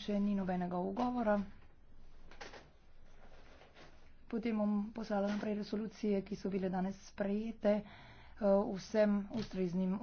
če ni nobenega ugovora. Potem bom poslala naprej resolucije, ki so bile danes sprejete eh, vsem ustreznim.